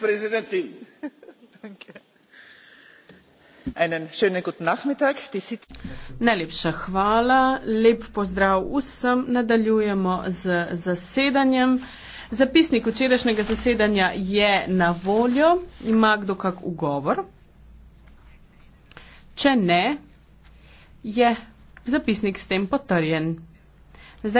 präsidentin! najlepša hvala lep pozdrav vsem nadaljujemo z zasedanjem zapisnik včerajšnjega zasedanja je na voljo ima kdo kak ugovor če ne je zapisnik s tem potrjen